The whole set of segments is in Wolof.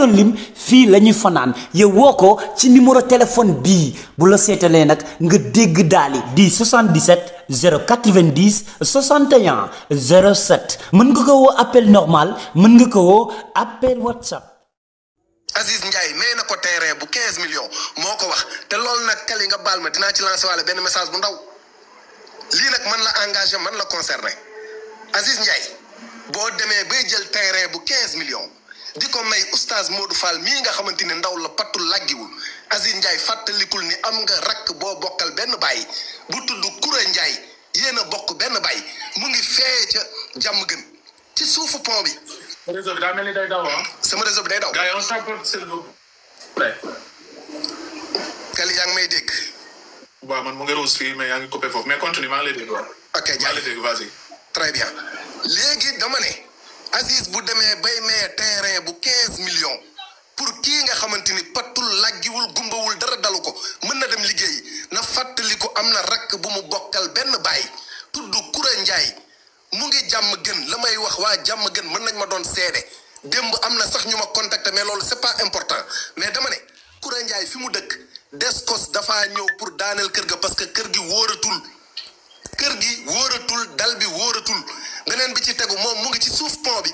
doon lim fii la ñuy fanaan yow woo ko ci numéro téléphone bii bu la seetalee nag nga dégg daali di 77 090 61 07 mën nga ko woo appel normal mën nga ko woo appel whatsapp. Aziz Ndiaye may na ko terrain bu 15 millions moo ko wax te loolu nag kali nga baal ma dinaa ci lancer waale benn message bu ndaw lii nag mën la engagé man la concerné Aziz Ndiaye boo demee bay jël terrain bu 15 millions. di ko may oustaz Modou Fall mii nga xamante ni ndaw la pattul laggiwul Aziz Ndiaye fàttalikul ni am nga rakk boo bokkal benn baay bu tudd Koura njaay yéen a bokk benn baay mu ngi fee ca jàmm gën ci suufu pont bi. daa mel ni day ah. sama réseau bi day daw. gars yi on s'apporte may dégg. waaw man mu yaa ngi coupé foofu mais continue maa ngi lay dégg waaw. ok jàll léegi dama ne. Aziz bu demee bay maye terrain bu 15 millions pour kii nga xamante ni pattul laggiwul gumbawul dara dalu ko mën na dem liggéey na fàttali ko am na rakk bu mu bokkal benn baay tudd Koura Ndiaye mu ngi jàmm gën la may wax waa jàmm gën mën nañ ma doon seede démb am na sax ñu ma contacté mais loolu c'est pas important mais dama ne Koura Ndiaye fi mu dëkk Descos dafa ñëw pour daaneel kër ga parce que kër gi wóoratul kër gi wóoratul dal bi wóoratul beneen bi ci tegu moom mu ngi ci suuf pont bi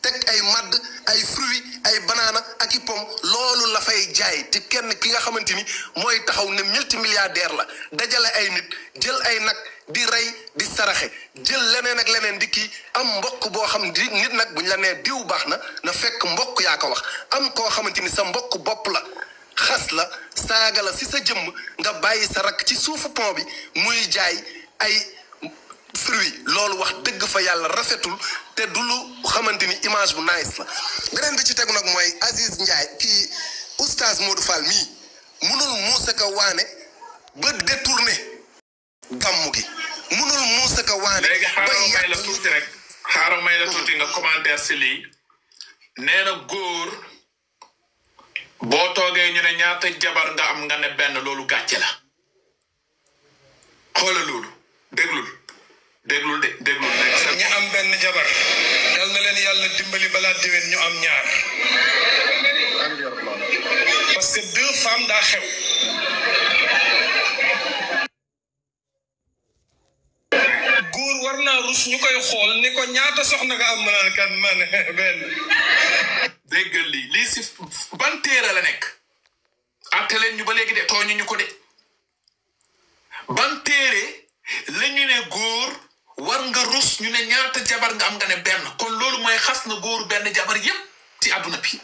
teg ay madd ay fruits ay banaana ak i pom loolu la fay jaay te kenn ki nga xamante ni mooy taxaw ne multimilliardaire la dajale ay nit jël ay nag di rey di saraxe jël leneen ak leneen di kii am mbokk boo xam di nit nag bu la nee diw baax na na fekk mbokk yaa ko wax am koo xamante ni sa mbokk bopp la xas la saaga la si sa jëmm nga bàyyi sa rakk ci suufu pont bi muy jaay ay fruit loolu wax dëgg fa yàlla rafetul te du lu xamante ni image bu nice la beneen bi ci tegu nag mooy Aziz Ndiaye kii oustaz Modou Fall mii munul muusaka waane ba détourné gàmmu gi munul muusaka waane. ba yàq léegi xaaral may nga commentaire si lii nee góor boo toogee ñu ne ñaata jabar nga am nga ne benn loolu gàcce la xoolal déglul. déglul de déglul ñu am benn jabar. na leen yàlla dimbali balaa déwén ñu am ñaar. que deux femmes war naa rus ñu koy xool ni ko ñaata soxna nga am na kan man benn. déggal lii lii la nekk. atte leen ñu ba léegi de tooñu ñu ko de. ban téere ñu ne góor. war nga rus ñu ne ñaata jabar nga am nga ne benn kon loolu mooy xas na góor benn jabar yépp ci àdduna bi.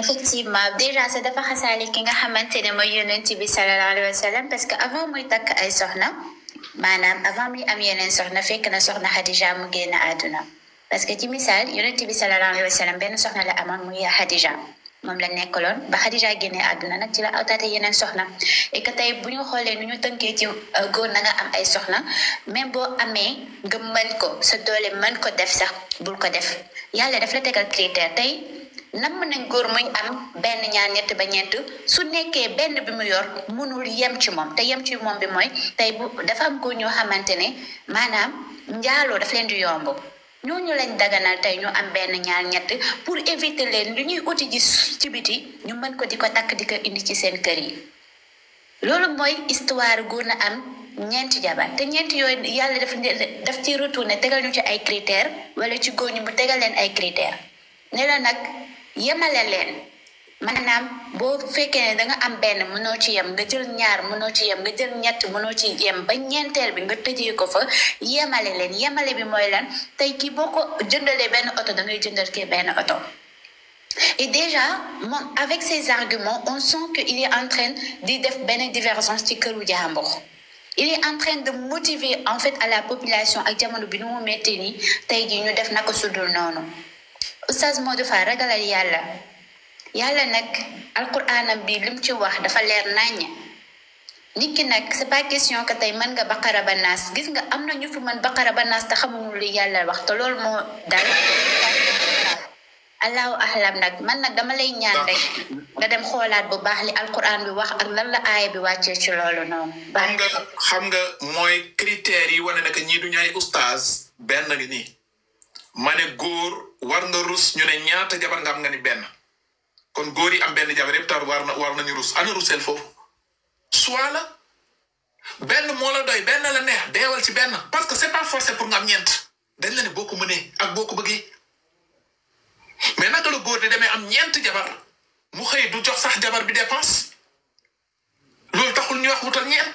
effectivement déjà sa dafa xasaale ki nga xamante ne mooy yonent bi sallallahu alayhi wa sallam parce que avant muy takk ay soxna maanaam avant muy am yeneen soxna fekk na soxna Xadija mu génn àdduna parce que ci misaal yonent bi sallallahu alayhi wa sallam benn soxna la amoon muy Xadija. moom la nekkaloon ba Xadija génnee àdduna nag ci la awtaate yeneen soxna et que tey bu ñu xoolee nu ñu tënkee ci euh, góor na nga am ay soxna même boo amee nga mën ko sa doole mën ko def sax bul ko def yàlla dafa la tegal critère tey nam nañ góor muy am benn ñaar ñett ba ñeent su nekkee benn bi mu yor mënul yem ci moom te yem ci moom bi mooy tey bu dafa am ko ñoo xamante ne maanaam njaaloo dafa leen di yomb ñooñu lañ daganal tey ñu am benn ñaar ñett pour éviter leen lu ñuy uti ji ci biti ñu mën ko di ko takk di ko indi ci seen kër yi loolu mooy histoire góor na am ñeenti jabar te ñeenti yooyu yàlla daf daf ci retourné tegal ñu ci ay critères wala ci góor ñu mu tegal leen ay critères ne la nag yemale leen. maanaam boo fekkee ne da nga am benn mënoo ci yem nga jël ñaar mënoo ci yem nga jël ñett mënoo ci yem ba ñeenteel bi nga tëjee ko fa yemale leen yemale bi mooy lan tey kii boo ko jëndalee benn oto da jëndal kii benn oto. et déjà moom avec ces arguments il est en di def benn divergence ci këru jàmbur. il est en train de motiver en fait à la population ak jamono bi nu mu métti nii tey jii ñu def na ko sudul noonu Oustaz Modou Fall ragalal yàlla. yàlla nag alquraanam bi lim ci wax dafa leer naññ nit ki nag c'est pas question que tey mën nga baqara ba naas gis nga am na ñu fi mën baqara ba naas te xamuñu lu yàlla wax te loolu moo dal allahu ahlam nag man nag dama lay ñaan rek nga dem xoolaat bu baax li alquran bi wax ak lan la aaya bi wàccee ci loolu noonu. xam nga xam nga mooy critères yi wane nag ñii du ñaay ustaaz benn gi nii ma ne góor war nga rus ñu ne ñaata jabar nga am nga ni benn. kon góor yi am benn jabar yëpp tar war na war nañu rus ana rusel foofu soit la benn moo la doy benn la neex deewal ci benn parce que c'est pas forcé pour nga am ñeent dañ la ne bokk ko mënee ak boo ko bëggee mais naka la góor di demee am ñeent jabar mu xëy du jox sax jabar bi dépense loolu taxul ñu wax wutal ñeent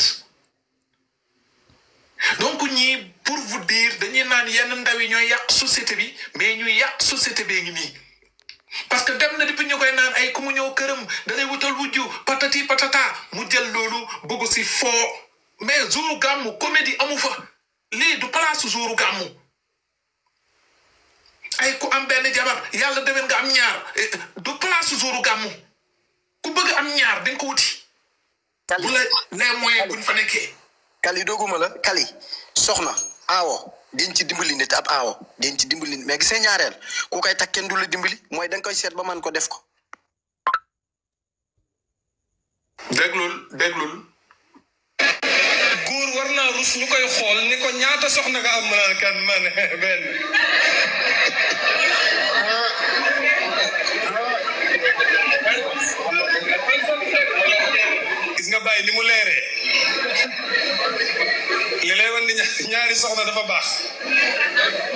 donc ñii pour vous dire dañuy naan yenn ndaw yi ñooy yàq société bi mais ñuy yàq société bee ngi mii parce que dem na di ñu koy naan ay ku mu ñëw këram da ngay wutal wujju patati patata mu jël loolu bëgg si foo mais jouru gàmmu comédie amu fa lii du place jouru gàmmu ay ku am benn jabar yàlla demeen nga am ñaar eh, du place jouru gàmmu ku bëgg am ñaar dañ ko wuti bu la les moyens buñ fa nekkee kali dooguma la kali soxna aawo diñ ci dimbali nit ab aawo diñ ci dimbali nit mais ñaareel ku koy takk kenn dula la dimbali mooy da nga koy seet ba man ko def ko. déglul déglul. góor war naa rus koy xool ni ko ñaata soxna nga am naan kan man benn. gis nga bàyyi ni leeree. ñaari soxna dafa baax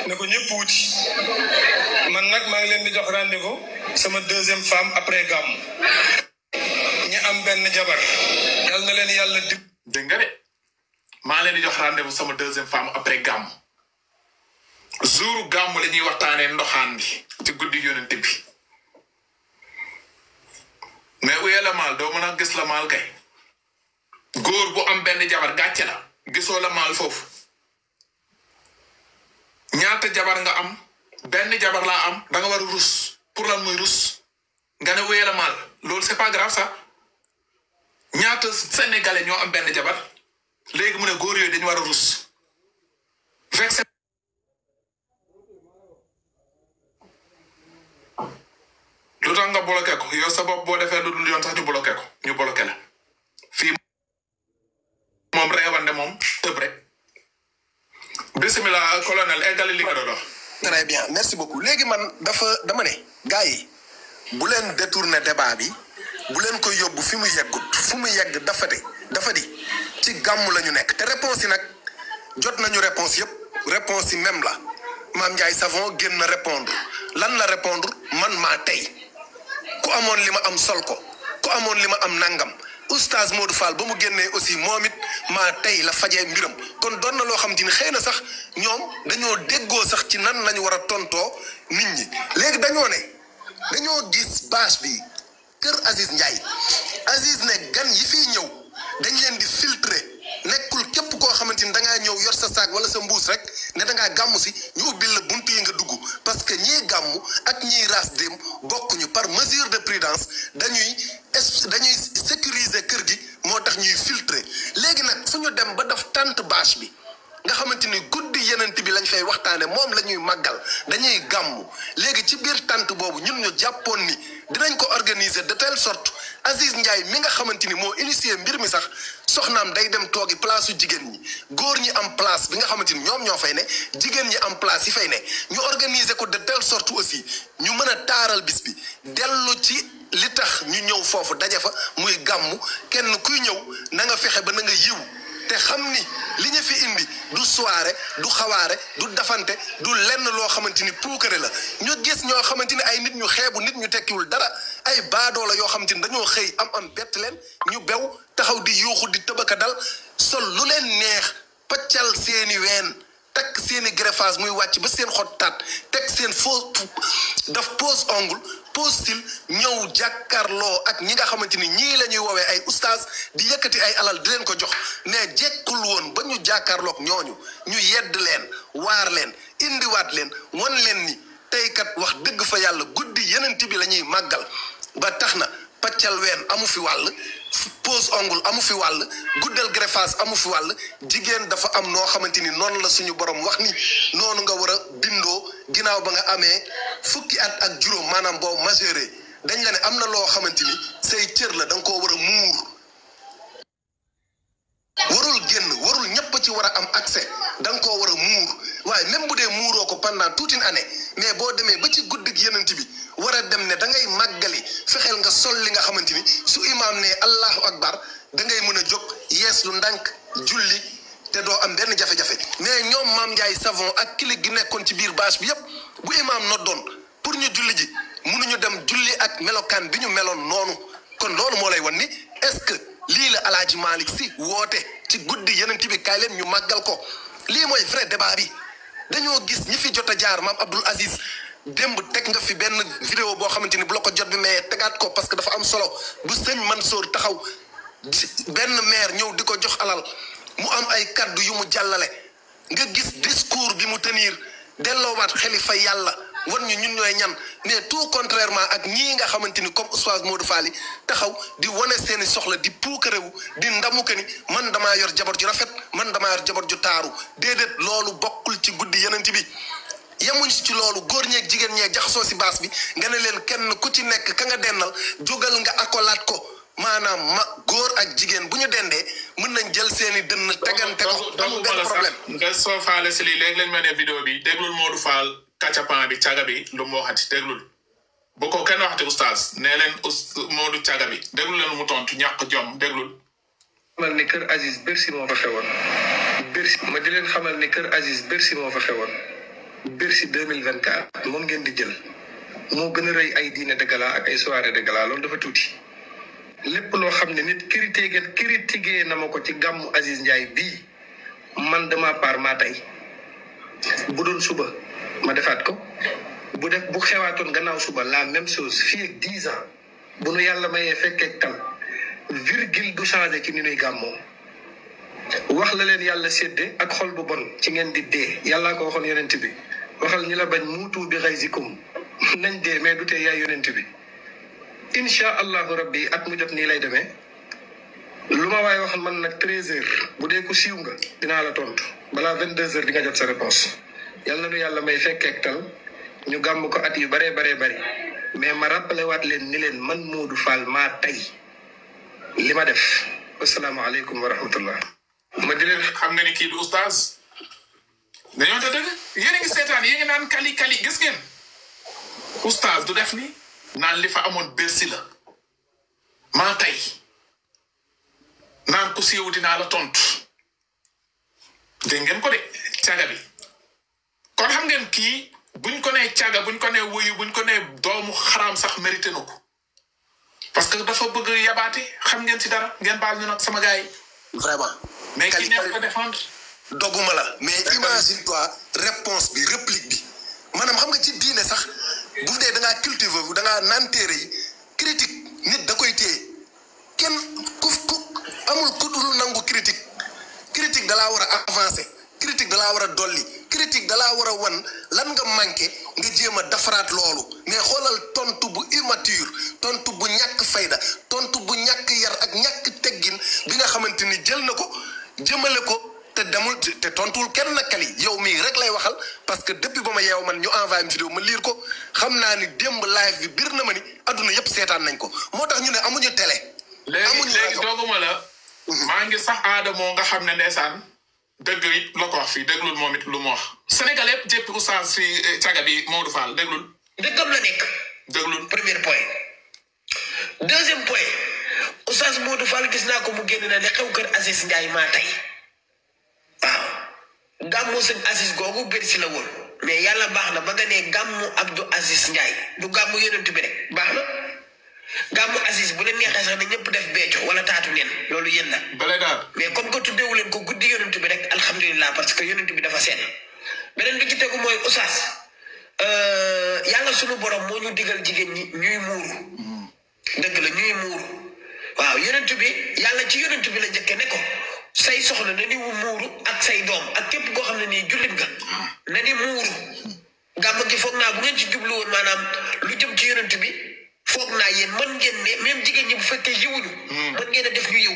ne ko ñëpp wuti man nag maa ngi leen di jox rendez-vous sama deuxième femme après gàmmu ñu am benn jabar yal na leen yàlla di dégg nga de maa leen di jox rendez sama deuxième femme après gàmmu jour gàmmu la ñuy waxtaanee ndoxaan bi ci guddi yonent bi mais uye la maal doo mën a gis la maal kay góor bu am benn jabar gàcce la gisoo la maal foofu ñaata jabar nga am benn jabar laa am danga war a rus pour lan muy rus nga ne wéyal maal loolu c'est pas grave ñaata sénégalais ñoo am benn jabar léegi mu ne góor yooyu dañu war a rus vexé lu tax nga bloqué ko yow sa bopp boo defee lu dul yoon sax ñu bloqué ko ñu bloqué la fii moom reewande moom bisimilah colonel eggali li nga doon wax. très bien merci beaucoup léegi man dafa dama ne. gars yi bu leen détourner débat bi bu leen koy yóbbu fi mu yeggut fu mu yegg dafa de dafa di ci gàmm la ñu nekk te réponse yi nag jot nañu réponse yëpp réponse yi même la maam Ndiaye Savon génn na lan la répondre man maa tey ku amoon li ma am sol ko ku amoon li ma am nangam oustaz Modou Fall ba mu génnee aussi moom it maa tey la fajee mbiram kon doon na loo xam te xëy na sax ñoom dañoo déggoo sax ci nan lañu war a tontoo nit ñi léegi dañoo ne dañoo gis bâche bi kër Aziz Ndiaye Aziz ne gan yi fiy ñëw dañ leen di filtre nekkul képp koo xamante ni dangaa ñëw yor sa saak wala sa mbuus rek ne dangaa gàmmu si ñu ubbil la bunt yi nga dugg parce que ñii gàmmu ak ñii raas dem bokkuñu par mesure de prudence dañuy dañuy sécuriser kër gi moo tax ñuy filtrer léegi nag fu ñu dem ba def tente bâche bi nga xamante ni guddi yenent bi lañ fay waxtaane moom la ñuy màggal dañuy gàmm léegi ci biir tente boobu ñun ñu jàppoon ni dinañ ko organiser de telle sorte Aziz Ndiaye mi nga xamante ni moo initié mbir mi sax soxnaam day dem toogi place su jigéen ñi góor ñi am place bi nga xamante ni ñoom ñoo fay ne jigéen ñi am place yi fay ne ñu organiser ko de telle sorte aussi ñu mën a taaral bis bi dellu ci li tax ñu ñëw foofu daje fa muy gàmmu kenn kuy ñëw na nga fexe ba na nga yiw te xam ni li ñu fi indi du soirée du xawaare du dafante du lenn loo xamante ni puukare la ñu gis ñoo xamante ni ay nit ñu xeebu nit ñu tekkiwul dara ay baadoo yoo xamante ni dañoo xëy am am bett leen ñu bew taxaw di yuuxul di tëbaka dal sol lu leen neex paccal seeni ween takk seeni greffage muy wàcc ba seen xot taat teg seen faux daf pose ongul postil ñëw jàkkarloo ak ñi nga xamante ni ñii la ñuy woowee ay oustaz di yëkkati ay alal di leen ko jox ne jekkul woon ba ñu jàkkarloog ñooñu ñu yedd leen waar leen indiwaat leen wan leen ni teykat wax dëgg fa yàlla guddi yenent bi la ñuy màggal ba tax na paccal ween amu fi wàll pose ongle amu fi wàll guddal greffage amu fi wàll jigéen dafa am noo xamante ni noonu la suñu borom wax ni noonu nga war a bindoo ginnaaw ba nga amee fukki at ak juróom maanaam boo majeure dañ la ne am na loo xamante ni say cër la da nga koo war a muur warul génn warul ñëpp ci war a am accès da nga koo muur waaye même bu dee muuroo ko pendant toute une année mais boo demee ba ci guddig yenant bi war a dem ne da ngay màggali fexeel nga sol li nga xamante ni su imaam ne allahu akbar da ngay mën a jóg yees lu ndànk julli te doo am benn jafe-jafe mais ñoom maam Ndiaye savon ak kilig gi nekkoon ci biir bâche bi yépp bu imaam noddoon pour ñu julli ji mënuñu dem julli ak melokaan bi ñu meloon noonu kon loolu moo lay wan ni est-ce que lii la alaaji Malick si woote ci guddi yeneen bi kaay leen ñu màggal ko lii mooy vrai dañoo gis ñi fi jot a jaar maam Abdoul Aziz démb teg nga fi benn vidéo boo xamante ni bu la ko jot bi mais tegaat ko parce que dafa am solo bu sëñ Mansour taxaw benn maire ñëw di ko jox alal mu am ay kaddu yu mu jàllale nga gis discours bi mu tenir delloowaat xelifa yàlla. wan ñu ñun ñooy ñan mais tout contrairement ak ñii nga xamante ni comme Oustaz Modou Fall taxaw di wane seeni soxla di puukarewu di ndamu que ni man damaa yor jabar ju rafet man damaa yor jabar ju taaru déedéet loolu bokkul ci guddi ci bi yemuñ si ci loolu góor ñeek jigéen ñeeg jaxasoo si baas bi nga ne leen kenn ku ci nekk ka nga dennal jógal nga akolaat ko maanaam ma góor ak jigéen bu ñu dendee mën nañ jël seeni dënn tegante ko amul benn problème nga soo faale bi déglul Modou Fall kàccapan bi caga bi lu mu waxati déglul boo ko kenn waxati oustaz nee leen oust Modou caga bi déglu leen mu tontu ñàkk jom déglul. xamal ni kër Aziz Bercy moo fa xewoon. Bercy ma di leen xamal ni kër Aziz Bercy moo fa xewoon. Bercy 2024 moom ngeen di jël. moo gën a rey ay diine de gala ak ay soirée de gala loolu dafa tuuti. lépp loo xam ne nit critiqué critiqué na ma ko ci gàmmu Aziz Ndiaye bi man de ma part maa tey bu doon suba. ma defaat ko bu def bu xewaatoon gannaaw suba laa même chose fii ak dix ans bu nu yàlla mayee fekkee tal virgule du changé ki ni nuy gàmmoo wax la leen yàlla sédde ak xol bu bon ci ngeen di dee yàlla ko waxoon yonent bi waxal ñi la bañ muutu bi xaysikum nañ dee mais du tee yaay yonent bi incha allahu rabbi at mu jot nii lay demee lu ma waaye wax man nag treize heures bu dee ku siiw nga dinaa la tontu balaa vingt deux heures di nga jot sa réponse yal na nu yàlla may fekk ak tal ñu gàmm ko at yu baree baree bari mais ma rappelé waat leen ni leen man Modou Fall maa tay li ma def asalaamaaleykum wa rahmatullah ma di leen xam nga ni kii du oustaz dañoo te dëgg yéen a ngi naan kali kali gis ngeen oustaz du def ni naan li fa amoon bersi la maa tay naan ku siiw dinaa la tontu dégg ngeen ko de caga kon xam ngeen kii buñ konee nee buñ ko nee wuyu buñ ko nee doomu xaraam sax mérité na ko parce que dafa bëgg yabaate xam ngeen ci dara ngeen baal ñu nag sama gars yi. vraiment. mais ki nekk ko défendre. dogguma la mais imagine toi réponse bi réplique bi maanaam xam nga ci diine sax bu dee da ngaa cultiver bu da naan téere yi critique nit da koy téye kenn ku ku amul ku dul nangu critique critique da laa war a avancer critique da laa war a dolli. critique dalaa war a wan lan nga manqué nga jéem a defaraat loolu mais xoolal tontu bu immature tontu bu ñàkk fayda tontu bu ñàkk yar ak ñàkk teggin bi nga xamante ni jël na ko jëmale ko te demul te tontuwul kenn nakali yow mii rek lay waxal parce que depuis ba ma yeew man ñu envoyé am vidéo ma liir ko xam naa ni démb live bi bir na ma ni àdduna yëpp seetaan nañ ko moo tax ñu ne amuñu télé. amuñu léegi léegi dooguma uhuh. maa ngi sax aada nga xam ne ndeysaan dëgg yi la ko wax fii déglul moom it lu mu wax. Sénégal yëpp jépp oustaz si eh, caga bi Maodo Fall déglul. dëkkam la nekk. déglul premier point. deuxième point oustaz Maodo Fall gis naa ko mu génn na ne xew kër Aziz Ndiaye maa tey waaw gàmmu sëñ Aziz googu bëri si la woon mais yàlla baax na ba nga ne gàmmu Abdou Aziz Ndiaye du gàmmu yonent bi rek baax na. gàmmu Aziz bu leen neexee sax na ñëpp def beeco wala taatu leen loolu yéen la. bële daal mais comme que tuddeewu leen ko guddi yonent bi rek alhamdulilah parce que yonent bi dafa seen beneen bi ci tegu mooy oustaz euh, yàlla sunu borom moo ñu digal jigéen ñi ñuy muuru. dëgg la ñuy muuru waaw yonent bi yàlla ci yonent bi la njëkkee ne ko say soxna na ni wu muuru ak say doom ak képp koo xam ne nii jullit nga na ni muuru gàmm gi foog naa bu ngeen ci jublu woon maanaam lu jëm ci yonent bi. foog naa yéen mën ngeen ne jigéen ñi bu fekkee yiwuñu hmm. mën ngeen a def ñu yiw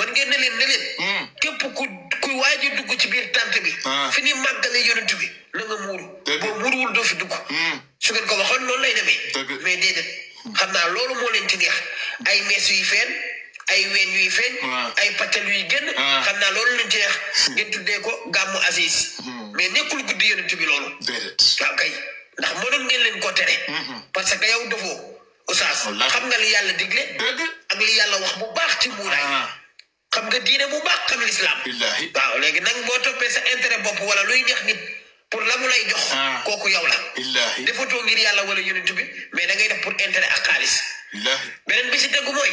mën ngeen ne leen ne leen hmm. képp ku ku waaj dugg ci biir tànt bi ah. fi ni màggale yonent bi la nga muuru boo muuruwul doo fi dugg hmm. su ngeen ko waxoon loolu lay demee mais déedéet xam naa loolu moo leen ci neex ay mees yuy feen ay ween yuy feeñ ah. ay patal yuy génn ah. xam naa loolu leen ci neex ngeen tuddee ko gàmmu Aziz mais nekkul guddi yonent bi loolu waaw kay ndax mënoon ngeen leen ko tere parce que yow dofoo Oustaz xam nga li yàlla digle. ak li yàlla wax bu baax ci muuraay. Ah. xam nga diine bu baax xam lislaam. waaw léegi nag boo toppee sa intérêt bopp wala luy neex nit pour la mu lay jox. Ah. kooku yow la. defatoo ngir yàlla wala yonent bi mais da ngay def pour intérêt ak xaalis. beneen bi ci tegu mooy.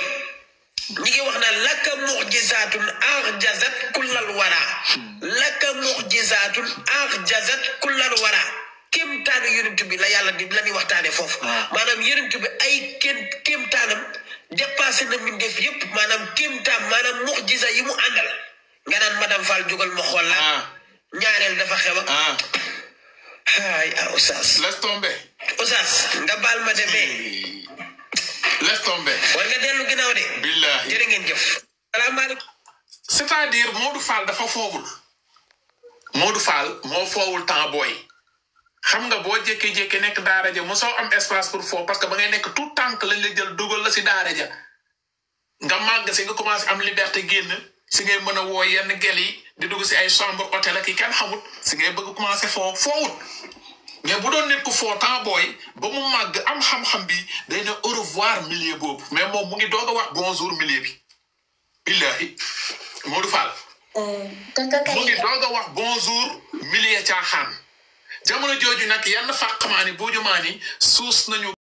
ñi ngi wax naan laka mucjisaatun arjazat kullal wara. Hmm. laka mucjisaatun arjazat kullal wara. kéemtaanu bi la yàlla di la ñuy waxtaanee foofu. Ah. maanaam yonent bi ay kéem kéemtaanam dépassé yëpp maanaam kéemtaan maanaam yi mu àndal nga naan ma xool la. Ah. ñaareel dafa xew a. Ah. ay ah Oustaz. laisse tomber. Oustaz nga baal ma demee. laisse tomber. war nga dellu ginnaaw de. billahi jërë ngeen jëf. salaamaaleykum. c'est-à-dire Modou Fall dafa foowul. Modou Fall moo foowul temps xam nga boo jékkee-jékkee nekk daara ja mosoo am espace pour foo parce que ba ngay nekk tout tànk lañ la jël dugal si daara ja nga màgg si nga commencé am liberté génn si ngay mën a woo yenn gel yi di dugg si ay chambre hôtel ak i kenn xamut si ngay bëgg commencé foo foowut mais bu doon nit ku foo temps booy ba mu màgg am xam-xam bi day ne au revoir milieu boobu mais moom mu ngi doog a wax bonjour milieu bi billahi Modou Fall euh, mu ngi doog a wax bonjour milieu jamono jooju nag yenn fàqmaani buujumaani suus nañu